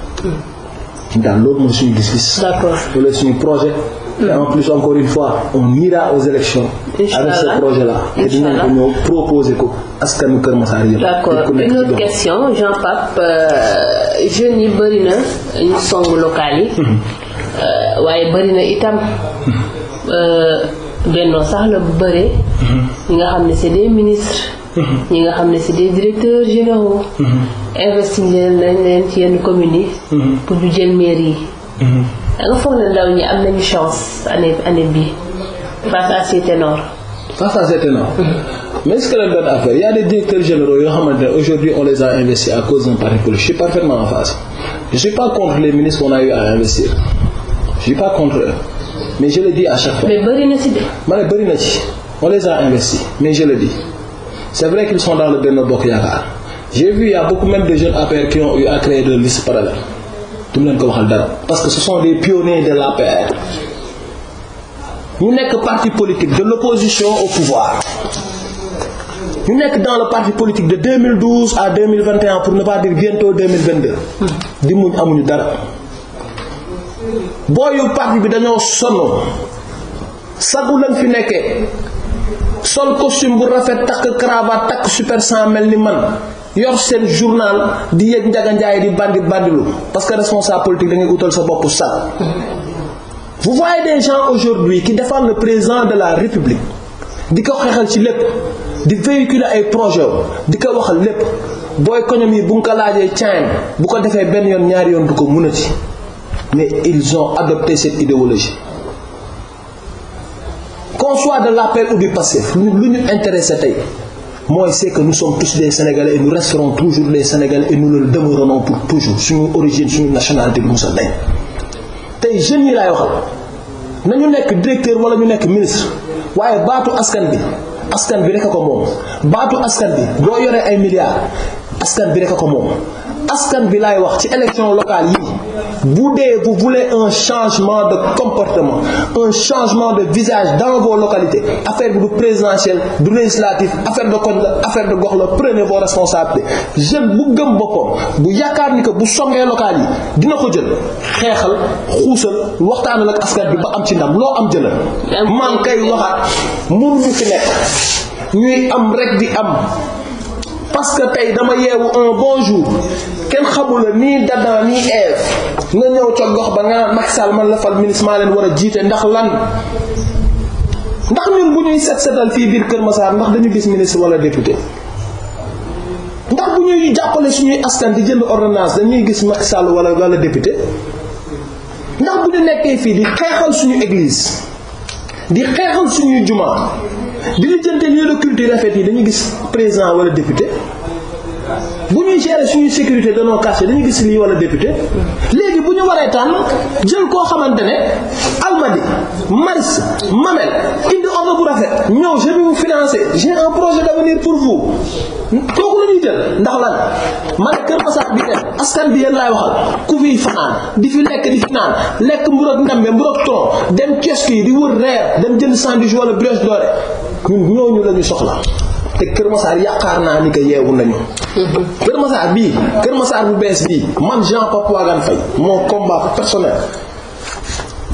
B: ci hmm. daal loolu mooy suñu gis-gis. d'accord suñu projet. et hmm. en plus encore une fois on ira aux élections avec ce projet là te dinañ ko ñëw proposer ko askanu Kër Massar yëpp. d'accord une autre
A: question Jean-Pape euh, jeunes yi bëri na ñu song local yi. Hmm. Euh, waaye bëri itam. Euh, bennoo sax la bu bëree mm-hmm. ñi nga xam ne c'est des ministres mm-hmm. ñi nga xam ne c'est des directeurs généraux
C: mm-hmm.
A: investir nañ leen ci yenn communes yi pour ñu jël maire yi da nga foog ne ndaw ñi am nañu chance année année bii face à ces ténors
B: face à ces ténors mais que la bonne affaire il y a des yoo généraux yoo xamante ne aujourd'hui on les a investis à cause d'un parti je suis parfaitement en face je suis pas contre les ministres qu'on a eu à investir je suis pas contre eux mais je le dis à chaque fois. mais bëri ci de. ma ne bëri na ci on les a mais je le dis c'est vrai qu'ils sont dans le Benno Bokk Yaakaar j'ai vu il y a beaucoup même de jeunes APR qui ont eu à créer de listes parallèles du mu leen ko waxal dara parce que ce sont des pionniers de l'APR ñu nekk parti politique de l'opposition au pouvoir ñu nekk dans le parti politique de 2012 à 2021 pour ne pas dire bientôt 2022 di muñ amuñu dara. booyu parti bi dañoo sonn sagu lañ fi nekkee sol costume bu rafet takk cravate takk super sang mel ni man yor seen journal di yëg njaga njaay di bandi bandilu parce que responsable politique da ngay utal sa bopp sag vous voyez des gens aujourd'hui qui défendent le président de la république di ko xeexal ci lépp di véhiculer ay projet di ko waxal lépp boo économie bu nga ko laajee caan bu ko defee benn yoon ñaari yoon du ko mun a ci mais ils ont adopté cette idéologie qu'on soit de l'APR ou du PASTEF lu ñu intéressé tey mooy c'est que nous sommes tous des Sénégalais et nous resterons toujours des Sénégalais et nous le demeurerons pour toujours suñu origine suñu nationalité du musa dañ tey jeunes yi laay waxal nañu nekk directeur wala ñu nekk ministre waaye baatu askan bi askan bi rek a ko moom baatu askan bi doo yore ay milliards askan bi rek ko moom askan bi laay wax ci élection locale yi bu dee vous voulez un changement de comportement un changement de visage dans vos localités affaire bi du présidentielle du législatif affaire de kon affaire de gox la prenez vos responsabilités jeune bu gëm boppam bu yaakaar ni que bu songee locale yi dina ko jël xeexal xuusal waxtaanal ak askan bi ba am ci ndam loo am jëlal man kay waxaat mënuñu fi nekk ñuy am rek di am parce que tey dama yeewu un bon jour kenn xamul la nii Adam nii Ève nga ñëw ca gox ba nga naan Macky man la fal ministre maa leen war a jiite ndax lan ndax ñun bu ñuy set setal fii biir Kër Massar ndax dañu gis ministre wala député ndax bu ñuy suñuy askan di jënd ordonnance dañuy gis Macky Sall wala wala député ndax bu ñu nekkee fii di xeexal suñu église di xeexal suñuy jumaa di lijjante lieu de culte yi rafet yi dañu gis président wala député bu ñuy gérer suñu sécurité danoo caché dañu gis lii wala député léegi bu ñu waree tànn jël koo xamante ne almadi maris mamel indi ordre bu rafet ñëw je vais vous financer j'ai un projet d'avenir pour vous kooku la ñuy jël ndax lan ma ne Kër Masar bi dem askan bi yéen laay waxal ku fiy fanaan di fi lekk di fi naan lekk mburoog ndambe mburoog tron dem kiosque yi di wër reer dem jënd sandwich wala brioche ñun ñooñu la ñu soxla te Kër Massar yaakaar naa ni que yeewu nañu. Kër Massar bii Kër Massar bu bees bii man Jean Pape Wagan Faye mon combat personnel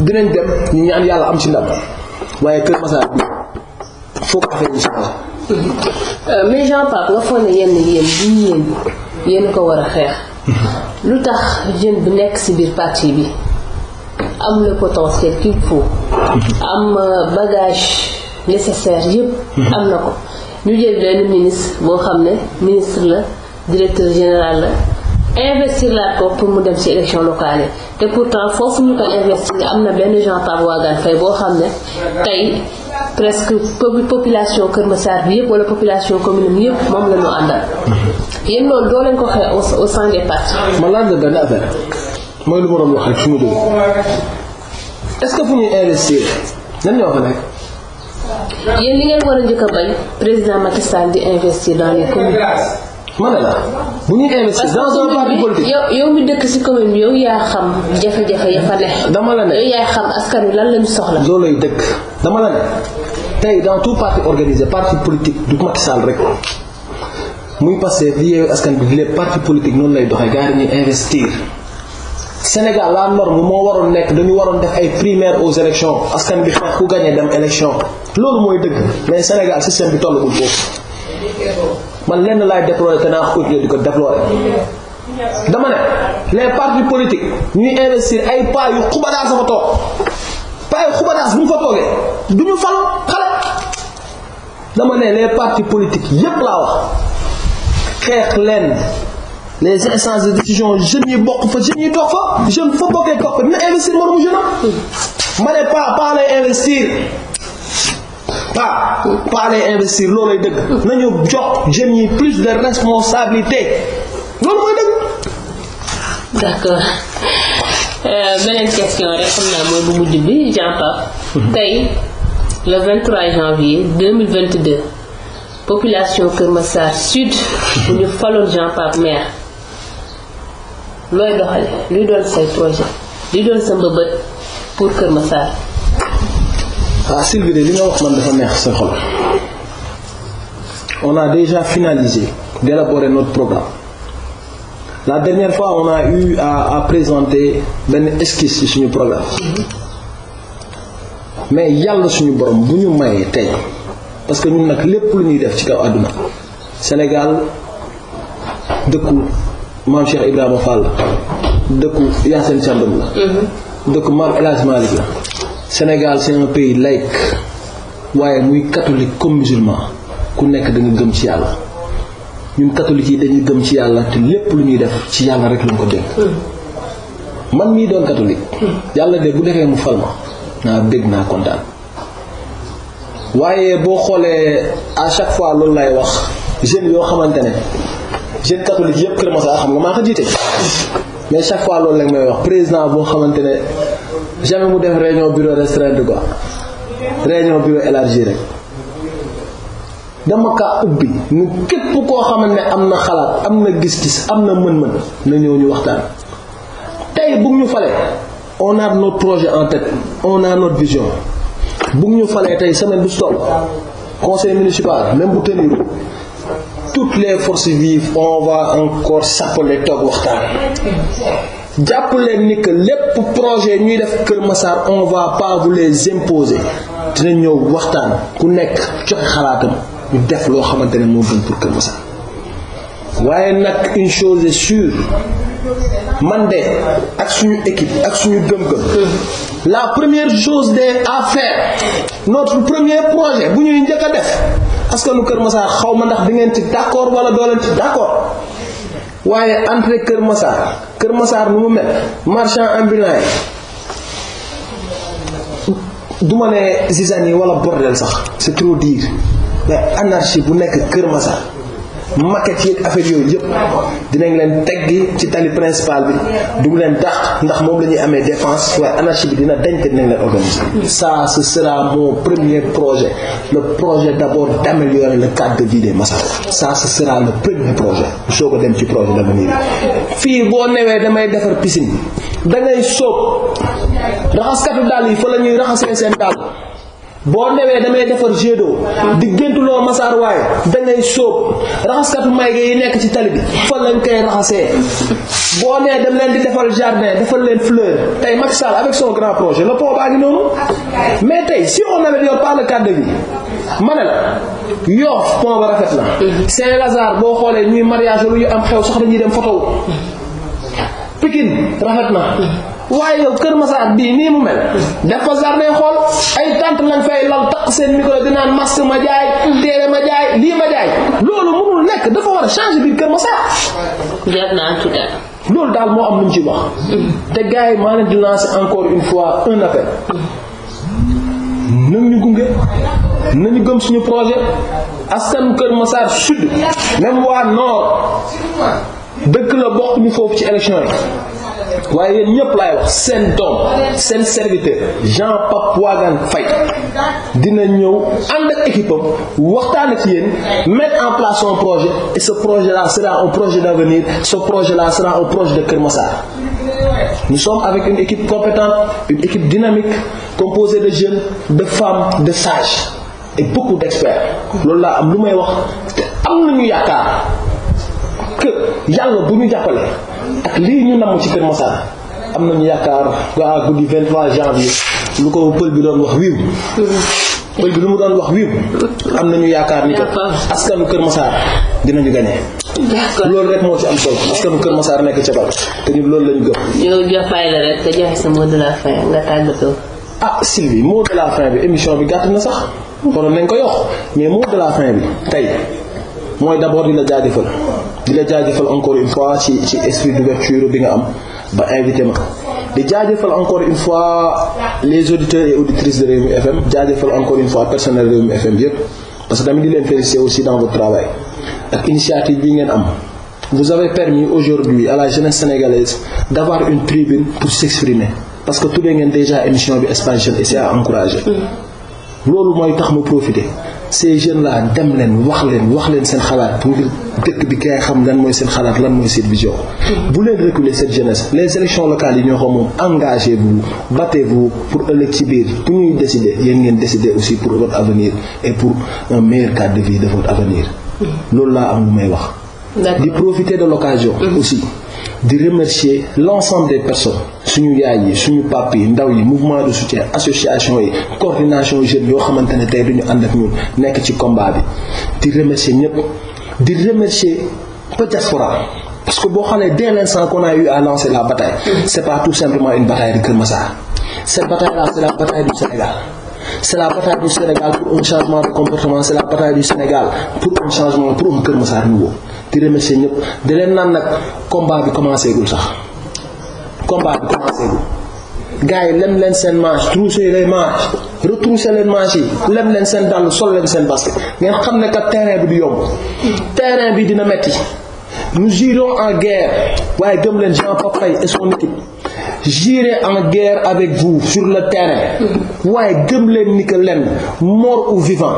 B: dinañ dem ñu ñaan yàlla am ci ndam waaye Kër Massar bii foog affaire yi soxla.
A: Euh, mais Jean Pape nga foog ne yenn yéen duñu yéen ko war a xeex. lu tax jeune bi nekk ci biir parti bi am le potentiel qu'il faut. am euh, bagage. nécessaire yëpp am na ko ñu jël benn ministre boo xam ne ministre la directeur général la investir laat ko pour mu dem ci élection locale yi te pourtant foofu ñu ko investir am na benn Jean Pape Wagane boo xam ne tey presque population Kër Massar bi yëpp wala population commune bi yëpp moom la ñu àndal. yéen loolu doo ko xee au sein des partis.
B: ma laaj la benn mooy lu ma doon wax rek
A: fi mu yéen li ngeen war a njëkk a bañ président Macky Sall di investir dans les communes. ma la bu ñuy investir dans un parti politique. yow yow mi dëkk ci commune bi yow yaa xam jafe-jafe ya fa ne.
B: dama la ne yow yaa xam askan wi lan soxla. loolay dëkk dama la ne tey dans tout parti organisé parti politique du Macky Sall rek muy passé di yeewu askan bi di leen parti politique noonu lay doxee gars yi ñuy investir. Sénégal la norme moo waroon nekk dañu waroon def ay primaires aux élections askan bi xeex ku gagné dem élection. loolu mooy dëgg mais Sénégal système bi tollagul foofu man lenn laay déplorer te naa continuer di ko déplorer
C: dama ne les partis
B: politiques ñuy investir ay paa yu xubadaas dafa toog paa yu xubadaas bu ñu fa toogee du ñu fal xale dama ne les partis politiques yépp laa wax xeex leen les instances de décision jeunes yi bokk fa jeunes yi toog fa jeune fa bokkee toog fa dina investir moromu jeune am ma ne paa paa lay investir pas pas les investir loolay dëgg. nañu jox jeunes yi plus de responsabilité loolu mooy dëgg.
A: d'accord euh, beneen question rek xam naa mooy bu mujj bi Jean-Pape. Mhm. tey le janvier 2022 population Kër Massar Sud. bu mhm. ñu faloon Jean-Pape maire looy doxale luy doon say projet luy doon sa mbëbët pour Kër Massar.
B: ah Sylvie de li nga wax man dafa neex sa xol on a déjà finalisé d'élaborer notre programme la dernière fois on a eu à à présenter benn esquisse ci suñu programme mais yàlla suñu borom bu ñu mayee tey parce que ñun nag lépp lu ñuy def ci kaw àdduna Sénégal dëkku maam Cheikh Ibrahima Fall dëkku Yacine Thiandoum la. Mhm. dëkku maam El Hadj la. Sénégal c'est un pays laïque waaye muy catholique comme musulman ku nekk da nga gëm ci yàlla ñun catholique yi dañuy gëm ci yàlla te lépp lu ñuy def ci yàlla rek lañ ko dégg. man mii doon catholique. yàlla de bu defee mu fal ma naa bég naa kontaan waaye boo xoolee à chaque fois loolu lay wax jeunes yoo xamante ne jeunes catholiques yëpp Kër Massar xam nga maa ko jiite mais chaque fois loolu lañ may wax président boo xamante ne jamais mu def réunion bureau restreinte quoi réunion bureau élargie rek dama kaa ubbi nu képp koo xamante ne am na xalaat am na gis-gis am na mën-mën na ñu waxtaan tey bu ñu falee on a notre projet en tête on a notre vision bu ñu falee tey semaine bu stop conseil municipal même bu tenir toutes les forces vives on va encore s'appeler toog waxtaan jàpp leen ni que lépp projet ñuy def Kër Massar on va pas vous les imposer dina ñëw waxtaan ku nekk joxe xalaatam ñu def loo xamante ne moo gën pour Kër Massar waaye nag une chose est man de ak suñu équipe ak suñu gëm-gëm la première chose de à faire notre premier projet bu ñuy njëkk a def askanu Kër Massar xaw ma ndax bi ngeen ci d'accord wala doo leen ci d'accord waaye entrée Kër Massar Kër Massar nu mu mel marchand ambulant yi du ma ne zizanie wala bordel sax c'est trop dire mais anarchie bu nekk Kër Massar maquette yeeg affaire yooyu yëpp dinañ leen teggi ci tali principal bi du leen dàq ndax moom la ñuy amee défense waaye anarchie bi dina dañ te dinañ leen organiser. ça ce sera mon premier projet le projet d'abord d'améliorer le cadre de vie des Massawa si ce sera le premier projet soo ko dem ci projet d'avenir bi fii boo newee damay defar piscine dangay sóob raxaskatu dàll yi fa la raxasee seen dàll. boo newee damay defar jet di diggantuloo masaar waaye dangay sóob raxaskatu may yi nekk ci tali bi fa lañ koy raxasee boo nee dem leen di defal jardin defal leen fleur tey Macky Sall avec son grand projet le pont baa noonu mais tey si on améliore pas le cadre de vie ma ne la Yoff pont ba rafet la Saint-Lazare boo xoolee ñuy mariage lu ñu am xew sax dañuy dem photo Pikine rafet na waaye Kër Masaar bii nii mu mel dafa jardin xool ay tànt lañ fay lal takk seen micro dinaan mas ma jaay téere ma jaay lii ma jaay loolu mënul nekk dafa war a changer biir Kër Masaar loolu daal moo am lu mu ci wax te gars yi maa leen di encore une fois un appel nañ ñu gunge nañu gëm suñu projet askan Kër Massar Sud même waa Nord dëkk la bokk ñu foofu ci élection yi waaye yéen ñëpp laay wax seen doom seen serviteur Jean Pape wagan Faye dina ñëw am ak équipe am waxtaan ak yéen mettre en place son projet et ce projet là sera un projet d'avenir ce projet là sera un projet de Keur Massar nous sommes avec une équipe compétente une équipe dynamique composée de jeunes de femme de sages et beaucoup d'experts loolu laa am lu may wax te am ñu yaakaar que yàlla bu ñu jàppalee ak lii ñu namm ci Kër Massar am nañu yaakaar gaa guddi 23 janvier lu ko pël bi doon wax wiiw pël bi lu mu doon wax wiiw am nañu yaakaar ni que askanu Kër Massar dinañu gagné. loolu rek moo ci am solo askanu Kër Massar nekk ca kaw te ñun loolu lañu gëm. yow jàppaay la rek nga joxe sa mot de la fin nga tàggatoo. ah Sylvie mot de la fin bi émission bi gàtt na sax. konoon nañ ko yokk mais moo de la fin bi tey. mooy d'abord di la jaajëfal di la jaajëfal encore une fois ci ci esprit d'ouverture bi nga am ba invité ma di jaajëfal encore une fois les auditeurs et auditrice de Rewmi FM jaajëfal encore une fois personnel Rewmi FM yëpp parce que tamit di leen féliciter aussi dans votre travail ak initiative bi ngeen am vous avez permis aujourd'hui à la jeunesse sénégalaise d'avoir une tribune pour s'exprimer parce que tuddee ngeen déjà émission bi espace et c'est loolu mooy tax mu profiter ces jeunes là dem leen wax leen wax leen seen xalaat pour dëkk bi kay xam lan mooy seen xalaat lan mooy seen vision. bu leen reculer cette jeunesse les élections locales yi ñoo xam moom engagez vous battez vous pour ëllëg ci biir bu ñuy décider yéen ngeen décider aussi pour votre avenir et pour un meilleur cadre de vie de votre avenir. Mm-hmm. loolu laa am lu may wax. di profiter de l'occasion mm-hmm. aussi. di remercier l'ensemble des personnes suñu yaay yi suñu pap yi ndaw yi mouvement de soutien association yi coordination jeunes yoo xamante ne tey duñu ànd ak ñun nekk ci combat bi di remercier ñëpp di remercier ba diaspora parce que boo xoolee dès l'instant qu'on a eu à lancer la bataille c'est pas tout simplement une bataille de Kër Massar cette bataille là c'est la bataille du Sénégal c'est la bataille du Sénégal pour un changement de comportement c'est la bataille du Sénégal pour un changement pour un Kër Massar nouveau di remercier ñëpp di leen naan nag combat bi commencé gul sax combat bi commencé gul gars yi lem leen seen manche trousser les manches retrousser leen manches yi lem leen seen dàll sol leen seen basket ngeen xam ne kat terrain bi du yomb terrain bi dina metti nous irons en guerre waaye gëm leen Jean Pape Faye et j'irai en guerre avec vous sur le terrain mm-hmm. waaye gëm leen ni que lenn mort ou vivant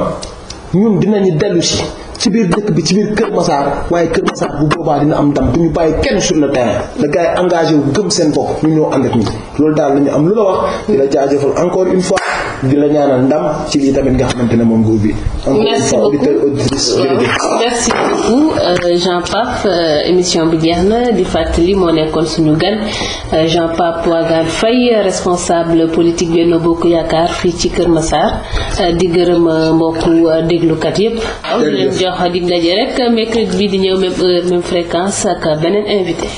B: ñun dinañu dellusi ci biir dëkk bi ci biir Kër Massar waaye Kër Massar bu boobaa dina am ndam du ñu bàyyi kenn sur le terrain le gars gëm seen bopp ñu ñoo ànd ak loolu daal lañu am lu la wax di la encore une la ñaanal ndam ci lii tamit ne moom nga ubbi. merci beaucoup
A: merci beaucoup jean euh, émission bi jeex na di fàttali moo nekkoon suñu gan euh, Jean-Pape Ouagane Faye responsable politique Benno Bokk Yaakaar fii ci Kër Massar euh, di gërëm mbokku déglukat yépp jox dig daje rek mercredi bi di ñëw même heure même fréquence ak
C: beneen invité.